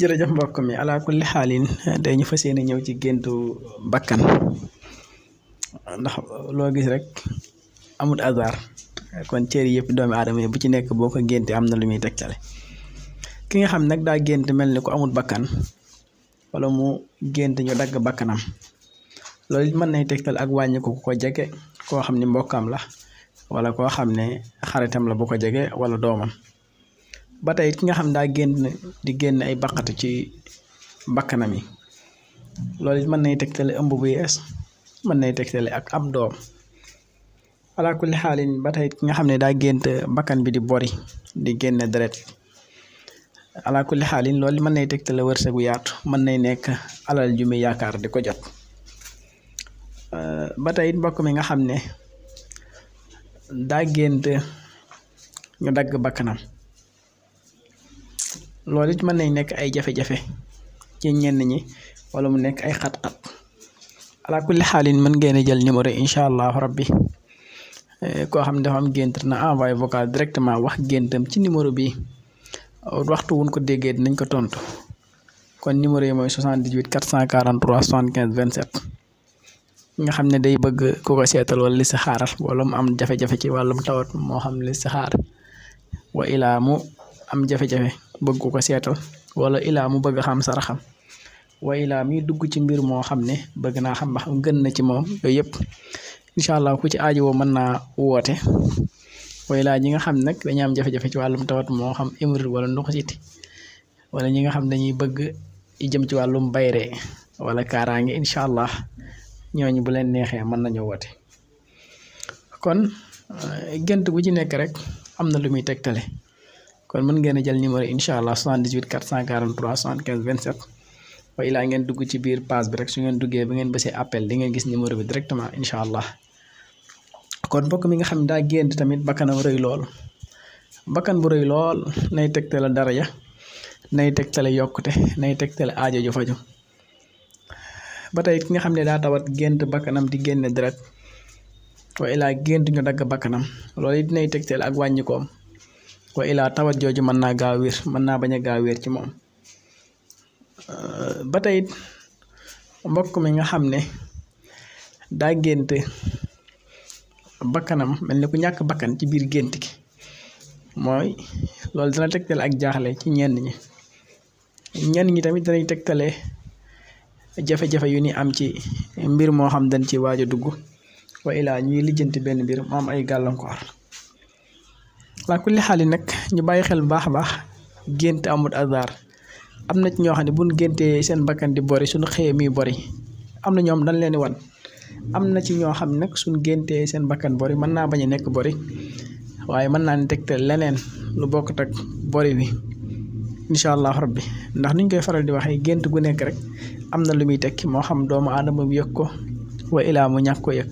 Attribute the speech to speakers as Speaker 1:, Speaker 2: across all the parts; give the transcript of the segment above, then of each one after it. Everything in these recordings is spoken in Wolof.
Speaker 1: jërëjëf mbokk mi ala kulli xaalin day ñu fas yéene ñëw ci géntu bakkan ndax loo gis rek amul hasard kon ceer yëpp doomi aadama yi bu ci nekk boo ko génte am na lu muy tegtale ki nga xam nag daa gént mel ni ko amul bakkan wala mu gént ñu dagg bakkanam loolu it mën nay tegtal ak wàññi ko ko jege koo xam ni mbokkam la wala koo xam ne xaritam la bu ko jege wala doomam ba tey ki nga xam ne daa génn di génn ay baqatu ci bakkanam yi loolu mën nay tegtale ëmb bu yees mën nay tegtale ak am doom alaa kulli xaalin ba tey ki nga xam ne daa gént bakkan bi di bori di génne deret alaa kulli xaalin loolu mën nay tegtale wërsëgu yaatu mën nay nekk alal ju muy yaakaar di ko jot euh, ba tey it mi nga xam ne daa gént ñu dagg bakkanam loolu it mën nañ nekk ay jafe-jafe ci ñenn ñi wala mu nekk ay xat-xat ala kulli xaalin mën ngeen a jël numéro yi incha allah rabbi eh, koo xam ne dafa am gént na envoyé vocal directement wax géntam ci numéro bi waxtu wuñ ko déggee nañ ko tontu kon numéro yi mooy 78 443 vingt 27 nga xam ne day bëgg ku ko seetal wala li si xaaral wala mu am jafe ci wàllum tawat moo xam li si wa ilaa mu am jafe-jafe bëgg ko seetal wala ilaa mu bëgg xam saraxam wa ilaa muy dugg ci mbir moo xam ne bëgg naa xam ba xam gën na ci moom yëpp incha allah ku ci aajowoo mën naa woote wa ñi nga xam nag dañu am jafe-jafe ci wàllum tawat moo xam émir wala ndoxasiti wala ñi nga xam dañuy bëgg jëm ci wàllum bayre wala kaaraange incha allah ñooñ bu leen neexee mën nañu woote kon gént bu ci nekk rek am na lu muy tegtale kon mën ngeen a jël numéro incha allah 78 443 75 27 wa ila ngeen dugg ci biir page bi rek su ngeen duggee ba ngeen bësee appel di ngeen gis numéro bi directement incha allah kon bokk mi nga xam ne daa gént tamit bakkanam rëy lool bakkan bu rëy lool nay tegtale dara ya nay tegtale yokkute nay tegtale aajo ju faju ba tey ki nga xam ne daa tawat gént bakkanam di génne deret wa ila gént ñu dagg bakkanam loolu it nay tegtale ak wàññikoom waa ilaa tawat jooju mën naa gaaw wér mën naa bañ a gaaw wér ci moom euh, ba tey mbokk mi nga xam ne daa gént bakkanam mel ni ku ñàkk bakkan ci biir gént gi mooy loolu dana tegtale ak jaaxle ci ñenn ñi ñenn ñi tamit danay tegtale jafe-jafe yu ni am ci mbir moo xam dañ ci waaj a dugg wa ilaa ñuy lijjanti benn mbir mu am ay gàllankoor ala kulli xaali nag ñu bàyyi xel bu baax a baax gént amul hasard am na ci ñoo xam ne buñ géntee seen bakkan di bori suñu xëyee muy bori am na ñoom dañ leen di wan am na ci ñoo xam nag suñ géntee seen bakkan bori mën naa bañ nekk bori waaye mën naa ne tegtal leneen lu bokk tak bori bi incha allah rabbi ndax niñ koy faral di waxee gént gu nekk rek am na lu muy tekki moo xam doomu aadama bi yëg ko wa ilaa mu ñàkk ko yëg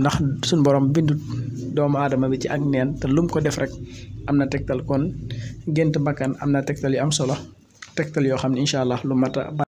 Speaker 1: ndax suñ borom bindut doomu aadama bi ci ak neen te lum ko def rek am na tegtal kon gént bakkan am na tegtal yu am solo tegtal yoo xam ne incha allah lu mat a